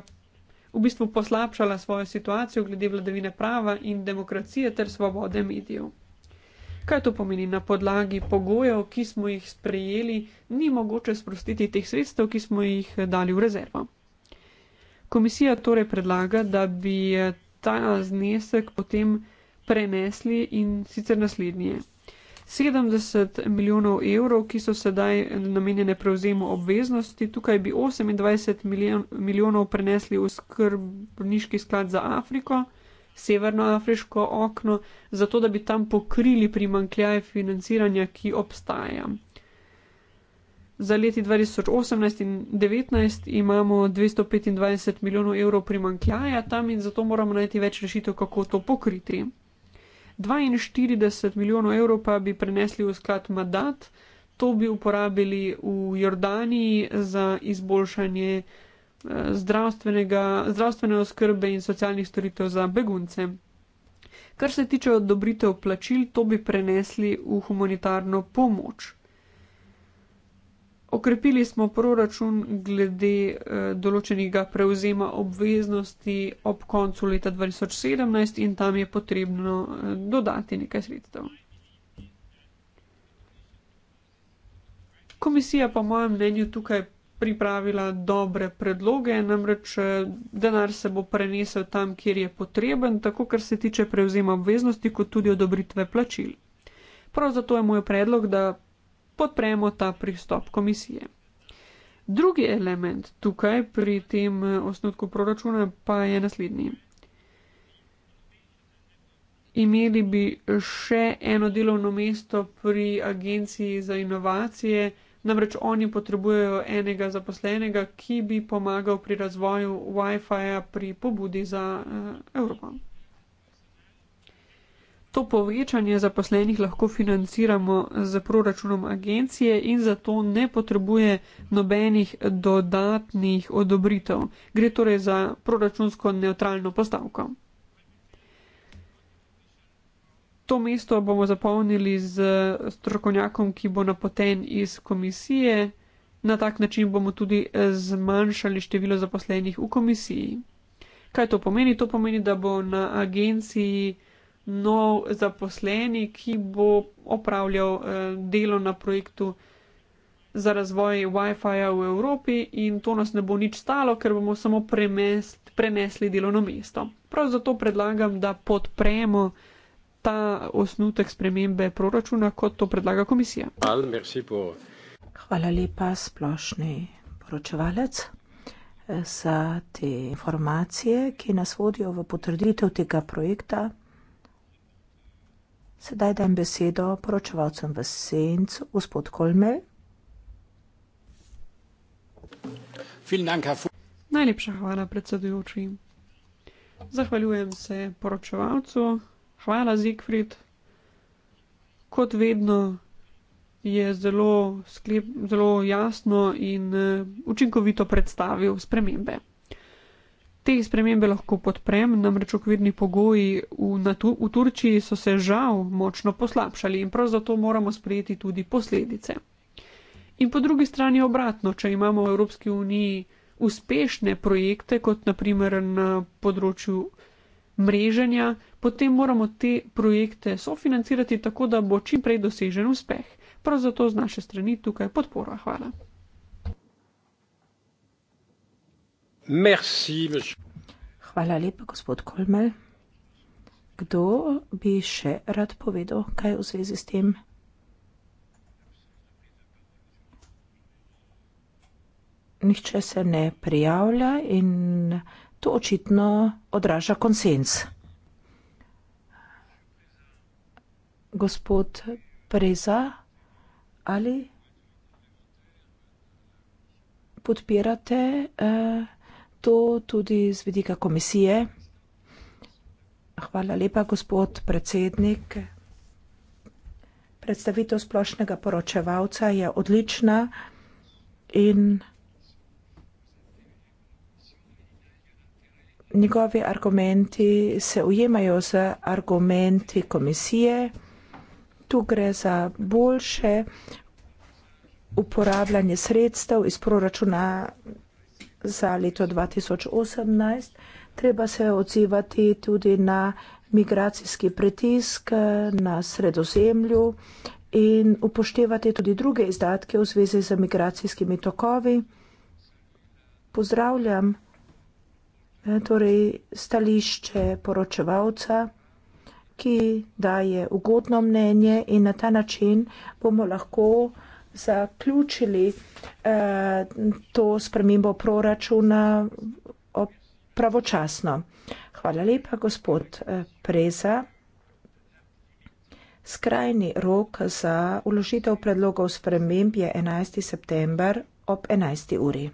v bistvu poslabšala svojo situacijo glede vladavine prava in demokracije ter svobode medijev. Kaj to pomeni? Na podlagi pogojev, ki smo jih sprejeli, ni mogoče sprostiti teh sredstev, ki smo jih eh, dali v rezervo. Komisija torej predlaga, da bi eh, ta znesek potem prenesli in sicer naslednje. 70 milijonov evrov, ki so sedaj namenjene prevzemu obveznosti, tukaj bi 28 milijonov prenesli v skrbniški sklad za Afriko, severnoafriško okno, zato da bi tam pokrili primankljaj financiranja, ki obstaja. Za leti 2018 in 2019 imamo 225 milijonov evrov primankljaja tam in zato moramo najti več rešitev, kako to pokriti. 42 milijonov evrov pa bi prenesli v sklad Madat, to bi uporabili v Jordaniji za izboljšanje eh, zdravstvene oskrbe in socialnih storitev za begunce. Kar se tiče odobritev plačil, to bi prenesli v humanitarno pomoč. Okrepili smo proračun glede eh, določenega prevzema obveznosti ob koncu leta 2017 in tam je potrebno eh, dodati nekaj sredstev. Komisija po mojem mnenju tukaj pripravila dobre predloge, namreč eh, denar se bo prenesel tam, kjer je potreben, tako kar se tiče prevzema obveznosti, kot tudi odobritve plačil. Prav zato je moj predlog, da podpremo ta pristop komisije. Drugi element tukaj pri tem eh, osnutku proračuna pa je naslednji. Imeli bi še eno delovno mesto pri Agenciji za inovacije, namreč oni potrebujejo enega zaposlenega, ki bi pomagal pri razvoju Wi-Fi-ja pri pobudi za uh, Evropo. To povečanje zaposlenih lahko financiramo z proračunom agencije in zato ne potrebuje nobenih dodatnih odobritev. Gre torej za proračunsko neutralno postavko. To mesto bomo zapolnili z strokovnjakom, ki bo napoten iz komisije. Na tak način bomo tudi zmanjšali število zaposlenih v komisiji. Kaj to pomeni? To pomeni, da bo na agenciji nov zaposleni, ki bo opravljal eh, delo na projektu za razvoj WiFi-ja v Evropi in to nas ne bo nič stalo, ker bomo samo premest, prenesli delovno mesto. Prav zato predlagam, da podpremo ta osnutek spremembe proračuna, kot to predlaga komisija. Hvala lepa, splošni poročevalec, eh, za te informacije, ki nas vodijo v potrditev tega projekta. Sedaj dam besedo poročevalcem v sencu, gospod Kolmel. Najlepša hvala, predsedujoči. Zahvaljujem se poročevalcu. Hvala, Zigfrid. Kot vedno je zelo, zelo jasno in eh, učinkovito predstavil spremembe. Te spremembe lahko podprem, namreč okvirni pogoji v, tu, v Turčiji so se žal močno poslabšali in prav zato moramo sprejeti tudi posledice. In po drugi strani obratno, če imamo v Evropski uniji uspešne projekte, kot naprimer na področju mreženja, potem moramo te projekte sofinancirati tako, da bo čim prej dosežen uspeh. Prav zato z naše strani tukaj podpora. Hvala. Hvala lepa, gospod Kolmel. Kdo bi še rad povedal kaj v zvezi s tem? Nihče se ne prijavlja in to očitno odraža konsens. Gospod Preza, ali podpirate? Uh, to tudi z vidika komisije. Hvala lepa, gospod predsednik. Predstavitev splošnega poročevalca je odlična in njegovi argumenti se ujemajo z argumenti komisije. Tu gre za boljše uporabljanje sredstev iz proračuna za leto 2018. Treba se odzivati tudi na migracijski pritisk na sredozemlju in upoštevati tudi druge izdatke v zvezi z migracijskimi tokovi. Pozdravljam eh, torej, stališče poročevalca, ki daje ugodno mnenje in na ta način bomo lahko zaključili eh, to spremembo proračuna pravočasno. Hvala lepa, gospod eh, Preza. Skrajni rok za uložitev predlogov sprememb je 11. september ob 11. uri.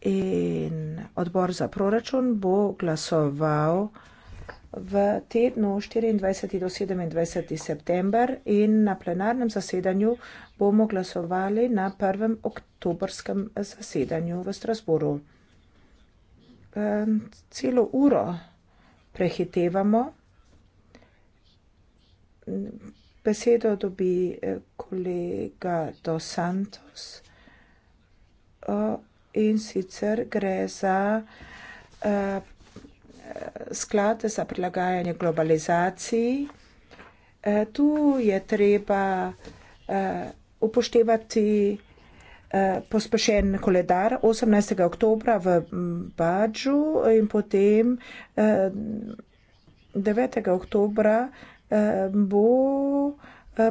In odbor za proračun bo glasoval v tednu 24. do 27. september in na plenarnem zasedanju bomo glasovali na prvem oktobrskem zasedanju v Strasboru. Ehm, celo uro prehitevamo. Besedo dobi eh, kolega Dos Santos eh, in sicer gre za eh, sklad za prilagajanje globalizaciji. E, tu je treba e, upoštevati e, pospešen koledar 18. oktobra v Bađu in potem 9. oktobra bo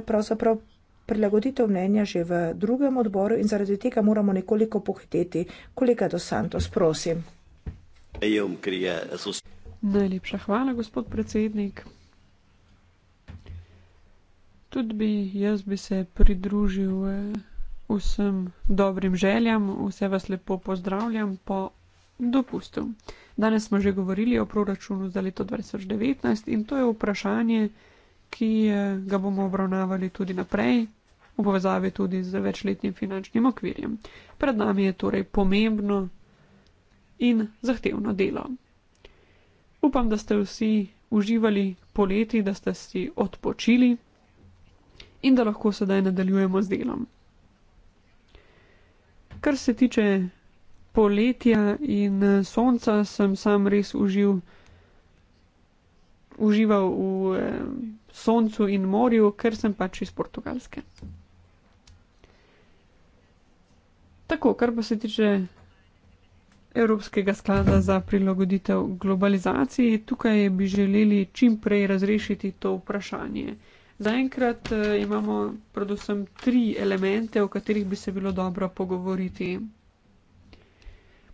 pravzaprav prilagoditev mnenja že v drugem odboru in zaradi tega moramo nekoliko pohiteti. Kolega Dosantos, prosim. Najlepša hvala, gospod predsednik. Tudi bi, jaz bi se pridružil eh, vsem dobrim željam, vse vas lepo pozdravljam po dopustu. Danes smo že govorili o proračunu za leto 2019 in to je vprašanje, ki eh, ga bomo obravnavali tudi naprej, v povezavi tudi z večletnim finančnim okvirjem. Pred nami je torej pomembno in zahtevno delo. Upam, da ste vsi uživali poleti, da ste si odpočili in da lahko sedaj nadaljujemo z delom. Kar se tiče poletja in eh, sonca, sem sam res užil, užival v eh, soncu in morju, ker sem pač iz Portugalske. Tako, kar pa se tiče Evropskega sklada za prilagoditev globalizaciji. Tukaj bi želeli čim prej razrešiti to vprašanje. Zaenkrat eh, imamo predvsem tri elemente, o katerih bi se bilo dobro pogovoriti.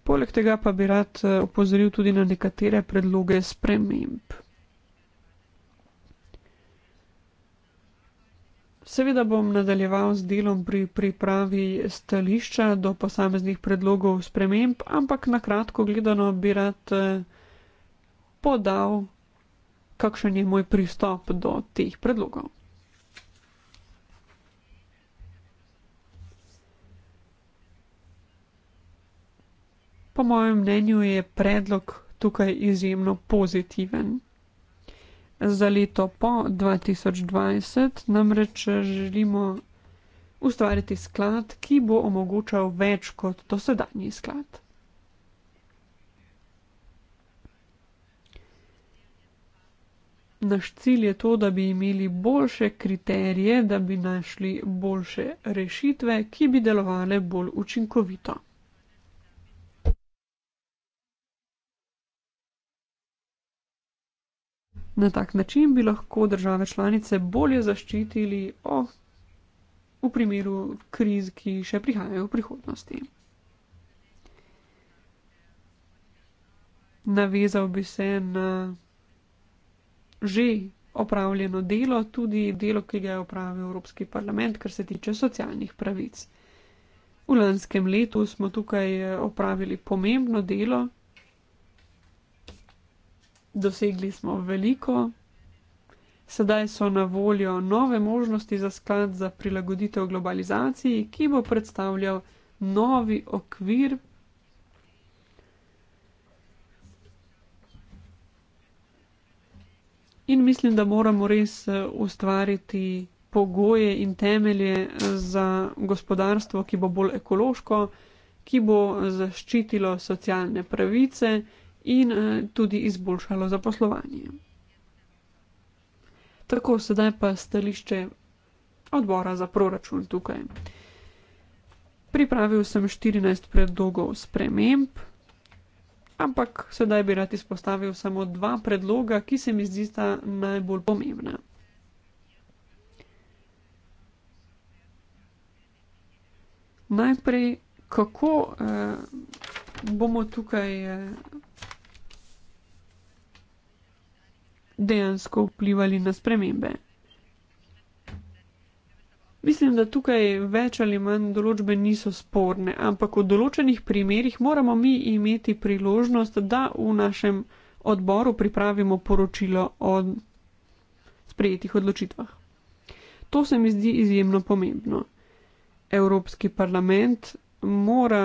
Poleg tega pa bi rad eh, opozoril tudi na nekatere predloge sprememb. Seveda bom nadaljeval z delom pri pripravi stališča do posameznih predlogov sprememb, ampak na kratko gledano bi rad eh, podal, kakšen je moj pristop do teh predlogov. Po mojem mnenju je predlog tukaj izjemno pozitiven za leto po 2020 namreč želimo ustvariti sklad, ki bo omogočal več kot dosedanji sklad. Naš cilj je to, da bi imeli boljše kriterije, da bi našli boljše rešitve, ki bi delovale bolj učinkovito. Na tak način bi lahko države članice bolje zaščitili o, v primeru kriz, ki še prihajajo v prihodnosti. Navezal bi se na že opravljeno delo, tudi delo, ki ga je opravil Evropski parlament, kar se tiče socialnih pravic. V lanskem letu smo tukaj eh, opravili pomembno delo, dosegli smo veliko. Sedaj so na voljo nove možnosti za sklad za prilagoditev globalizaciji, ki bo predstavljal novi okvir. In mislim, da moramo res eh, ustvariti pogoje in temelje eh, za gospodarstvo, ki bo bolj ekološko, ki bo eh, zaščitilo socialne pravice in eh, tudi izboljšalo zaposlovanje. Tako, sedaj pa stališče odbora za proračun tukaj. Pripravil sem 14 predlogov sprememb, ampak sedaj bi rad izpostavil samo dva predloga, ki se mi zdita najbolj pomembna. Najprej, kako eh, bomo tukaj eh, dejansko vplivali na spremembe. Mislim, da tukaj več ali manj določbe niso sporne, ampak v določenih primerjih moramo mi imeti priložnost, da v našem odboru pripravimo poročilo o sprejetih odločitvah. To se mi zdi izjemno pomembno. Evropski parlament mora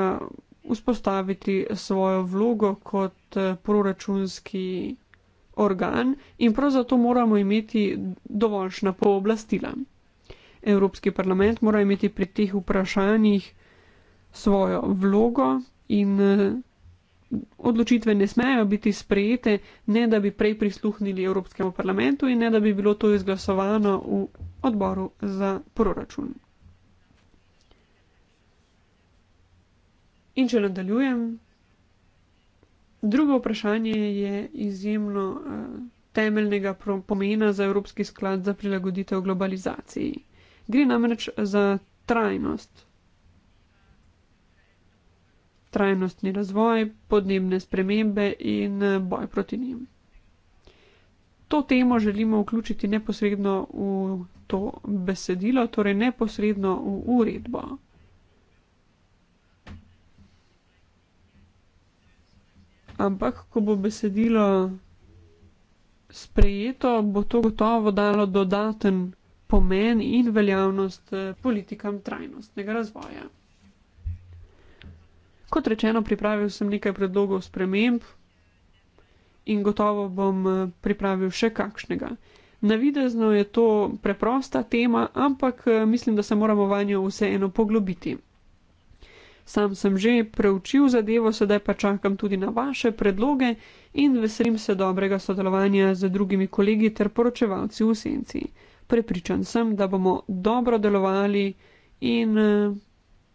vzpostaviti svojo vlogo kot eh, proračunski organ in prav zato moramo imeti dovoljšna pooblastila. Evropski parlament mora imeti pri teh vprašanjih svojo vlogo in eh, odločitve ne smejo biti sprejete, ne da bi prej prisluhnili Evropskemu parlamentu in ne da bi bilo to izglasovano v odboru za proračun. In če nadaljujem, Drugo vprašanje je izjemno eh, temeljnega pomena za Evropski sklad za prilagoditev globalizaciji. Gre namreč za trajnost. Trajnostni razvoj, podnebne spremembe in eh, boj proti njim. To temo želimo vključiti neposredno v to besedilo, torej neposredno v uredbo. ampak ko bo besedilo sprejeto, bo to gotovo dalo dodaten pomen in veljavnost eh, politikam trajnostnega razvoja. Kot rečeno, pripravil sem nekaj predlogov sprememb in gotovo bom eh, pripravil še kakšnega. Navidezno je to preprosta tema, ampak eh, mislim, da se moramo vanjo vseeno poglobiti. Sam sem že preučil zadevo, sedaj pa čakam tudi na vaše predloge in veselim se dobrega sodelovanja z drugimi kolegi ter poročevalci v senci. Prepričan sem, da bomo dobro delovali in eh,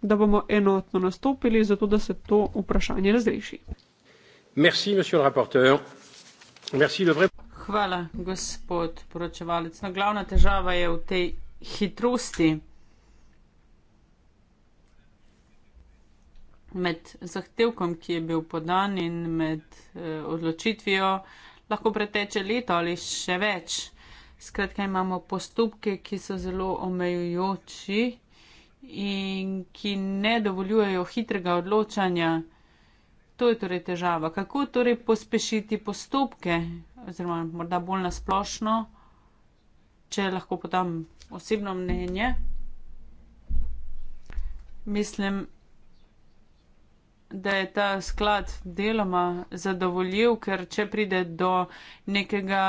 da bomo enotno nastopili, zato da se to vprašanje razreši. Merci, Merci, dobre... Hvala, gospod poročevalec. No, glavna težava je v tej hitrosti. med zahtevkom, ki je bil podan in med eh, odločitvijo, lahko preteče leto ali še več. Skratka, imamo postopke, ki so zelo omejujoči in ki ne dovoljujejo hitrega odločanja. To je torej težava. Kako torej pospešiti postopke, oziroma morda bolj nasplošno, če lahko podam osebno mnenje? Mislim, da je ta sklad deloma zadovoljiv, ker če pride do nekega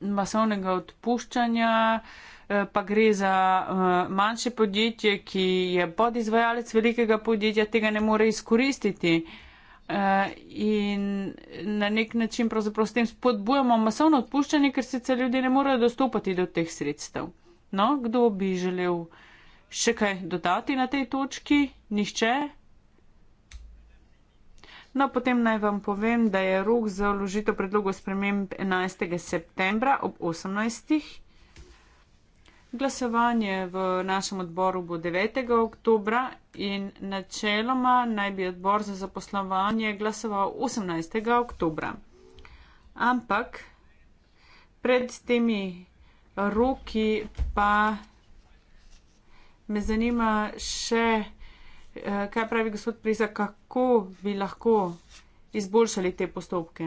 masovnega odpuščanja, eh, pa gre za eh, manjše podjetje, ki je podizvajalec velikega podjetja, tega ne more izkoristiti. Eh, in na nek način pravzaprav s tem spodbujamo masovno odpuščanje, ker sicer ljudje ne morejo dostopati do teh sredstev. No, kdo bi želel še kaj dodati na tej točki? Nihče. No, potem naj vam povem, da je rok za vložitev predlogov sprememb 11. septembra ob 18. Glasovanje v našem odboru bo 9. oktobra in načeloma naj bi odbor za zaposlovanje glasoval 18. oktobra. Ampak pred temi roki pa me zanima še. Eh, kaj pravi gospod Priza, kako bi lahko izboljšali te postopke.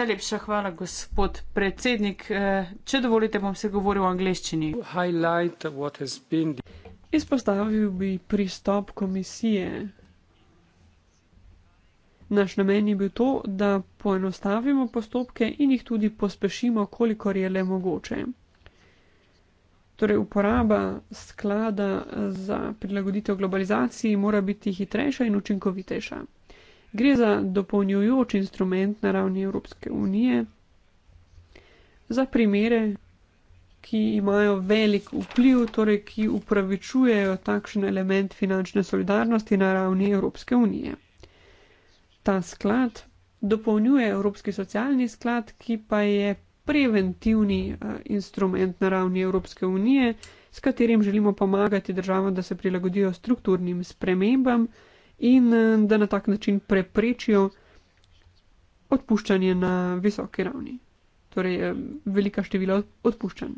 Najlepša hvala, gospod predsednik. Eh, če dovolite, bom se govoril v angleščini. Izpostavil bi pristop komisije. Naš namen je bil to, da poenostavimo postopke in jih tudi pospešimo, kolikor je le mogoče. Torej, uporaba sklada za prilagoditev globalizaciji mora biti hitrejša in učinkovitejša. Gre za dopolnjujoč instrument na ravni Evropske unije za primere, ki imajo velik vpliv, torej ki upravičujejo takšen element finančne solidarnosti na ravni Evropske unije. Ta sklad dopolnjuje Evropski socialni sklad, ki pa je preventivni eh, instrument na ravni Evropske unije, s katerim želimo pomagati državam, da se prilagodijo strukturnim spremembam in eh, da na tak način preprečijo odpuščanje na visoki ravni. Torej, eh, velika števila odpuščanj.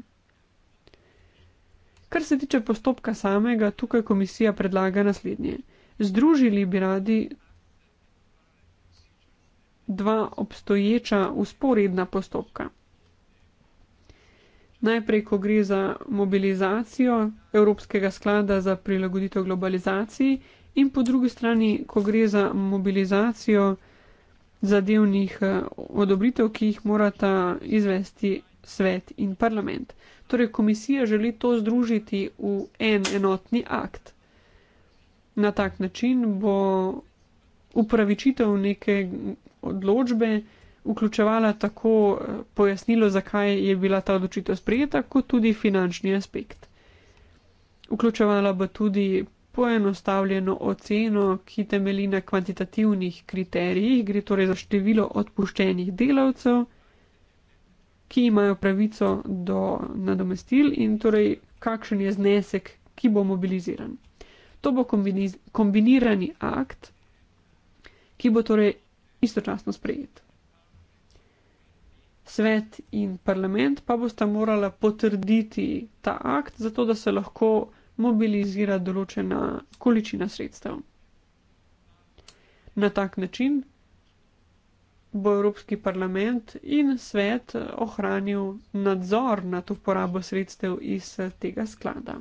Kar se tiče postopka samega, tukaj komisija predlaga naslednje. Združili bi radi dva obstoječa usporedna postopka najprej, ko gre za mobilizacijo Evropskega sklada za prilagoditev globalizaciji in po drugi strani, ko gre za mobilizacijo zadevnih eh, odobritev, ki jih morata izvesti svet in parlament. Torej, komisija želi to združiti v en enotni akt. Na tak način bo upravičitev neke odločbe, vključevala tako eh, pojasnilo, zakaj je bila ta odločitev sprejeta, kot tudi finančni aspekt. Vključevala bo tudi poenostavljeno oceno, ki temelji na kvantitativnih kriterijih, gre torej za število odpuščenih delavcev, ki imajo pravico do nadomestil in torej kakšen je znesek, ki bo mobiliziran. To bo kombinirani akt, ki bo torej istočasno sprejet. Svet in parlament pa bosta morala potrditi ta akt, zato da se lahko mobilizira določena količina sredstev. Na tak način bo Evropski parlament in svet ohranil nadzor nad uporabo sredstev iz tega sklada.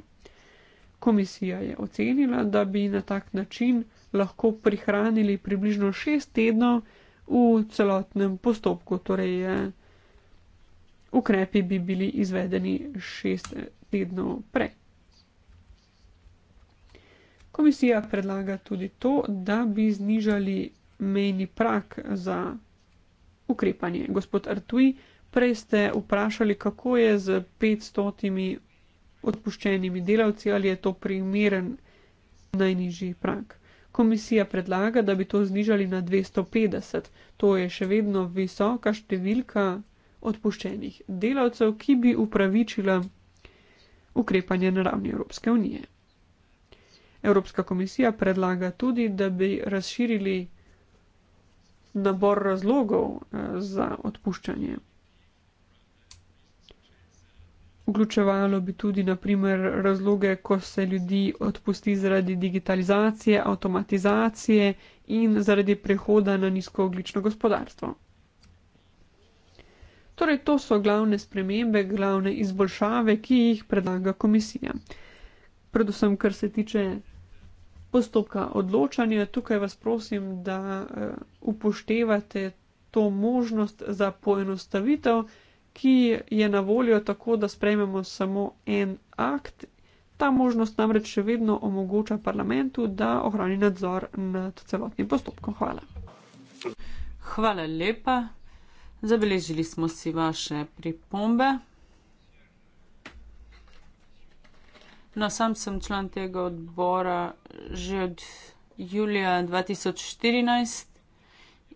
Komisija je ocenila, da bi na tak način lahko prihranili približno šest tednov v celotnem postopku, torej je ukrepi bi bili izvedeni šest tednov prej. Komisija predlaga tudi to, da bi znižali mejni prak za ukrepanje. Gospod Artui, prej ste vprašali, kako je z 500 odpuščenimi delavci, ali je to primeren najnižji prak. Komisija predlaga, da bi to znižali na 250. To je še vedno visoka številka, odpuščenih delavcev, ki bi upravičila ukrepanje na ravni Evropske unije. Evropska komisija predlaga tudi, da bi razširili nabor razlogov eh, za odpuščanje. Vključevalo bi tudi naprimer razloge, ko se ljudi odpusti zaradi digitalizacije, avtomatizacije in zaradi prehoda na nizkooglično gospodarstvo. Torej, to so glavne spremembe, glavne izboljšave, ki jih predlaga komisija. Predvsem, kar se tiče postopka odločanja, tukaj vas prosim, da eh, upoštevate to možnost za poenostavitev, ki je na voljo tako, da sprejmemo samo en akt. Ta možnost namreč še vedno omogoča parlamentu, da ohrani nadzor nad celotnim postopkom. Hvala. Hvala lepa. Zabeležili smo si vaše pripombe. No, sam sem član tega odbora že od julija 2014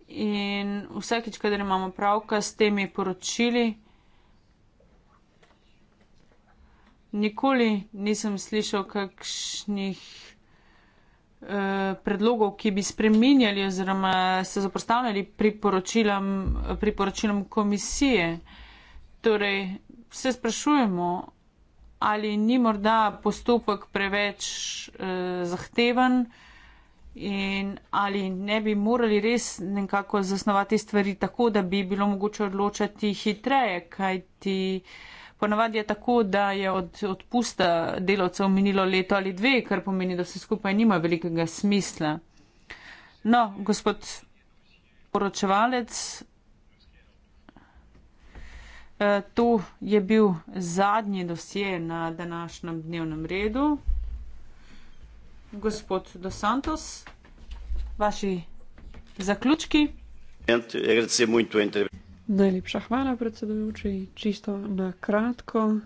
in vsakeč, kadar imamo pravka s temi poročili, nikoli nisem slišal kakšnih Eh, predlogov, ki bi spreminjali oziroma se zapostavljali priporočilom, priporočilom komisije. Torej, se sprašujemo, ali ni morda postopek preveč eh, zahteven in ali ne bi morali res nekako zasnovati stvari tako, da bi bilo mogoče odločati hitreje, kajti eh, Ponavadi je tako, da je od odpusta delavcev minilo leto ali dve, kar pomeni, da se skupaj nima velikega smisla. No, gospod poročevalec, eh, to je bil zadnji dosje na današnjem dnevnem redu. Gospod Dos Santos, vaši zaključki. Gracias. Najlepša hvala, predsedujoči. Čisto na kratko.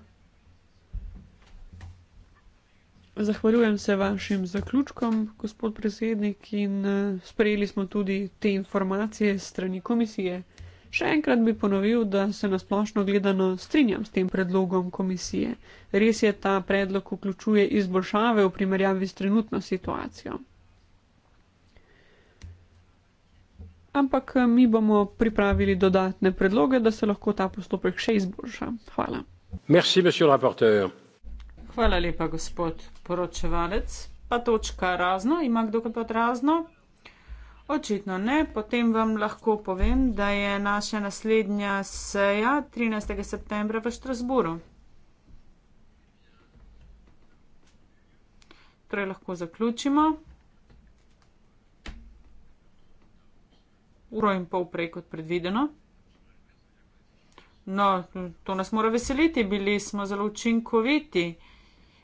Zahvaljujem se vašim zaključkom, gospod predsednik, in eh, sprejeli smo tudi te informacije strani komisije. Še enkrat bi ponovil, da se nasplošno gledano strinjam s tem predlogom komisije. Res je, ta predlog vključuje izboljšave v primerjavi s trenutno situacijo. ampak eh, mi bomo pripravili dodatne predloge, da se lahko ta postopek še izboljša. Hvala. Merci, Hvala lepa, gospod poročevalec. Pa točka razno, ima kdo kaj pod razno? Očitno ne, potem vam lahko povem, da je naša naslednja seja 13. septembra v Štrasburu. Torej lahko zaključimo. uro in pol prej kot predvideno. No, to nas mora veseliti, bili smo zelo učinkoviti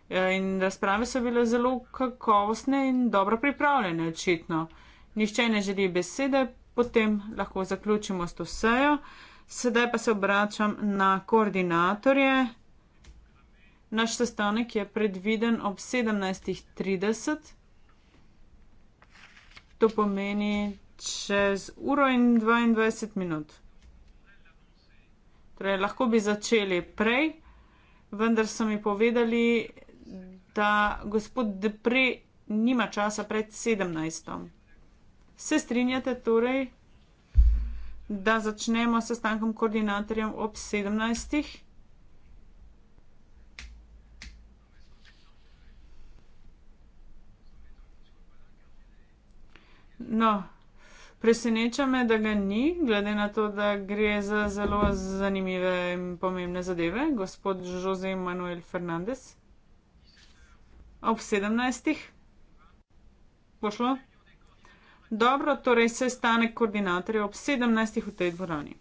eh, in razprave so bile zelo kakovostne in dobro pripravljene, očitno. Nihče ne želi besede, potem lahko zaključimo s to sejo. Sedaj pa se obračam na koordinatorje. Naš sestanek je predviden ob 17.30. To pomeni, čez uro in 22 minut. Torej, lahko bi začeli prej, vendar so mi povedali, da gospod Depre nima časa pred 17. Se strinjate torej, da začnemo s sestankom koordinatorjem ob 17. No, Preseneča me, da ga ni, glede na to, da gre za zelo zanimive in pomembne zadeve, gospod Jose Manuel Fernandez. Ob sedemnajstih? Pošlo? Dobro, torej sestanek koordinatorjev ob sedemnajstih v tej dvorani.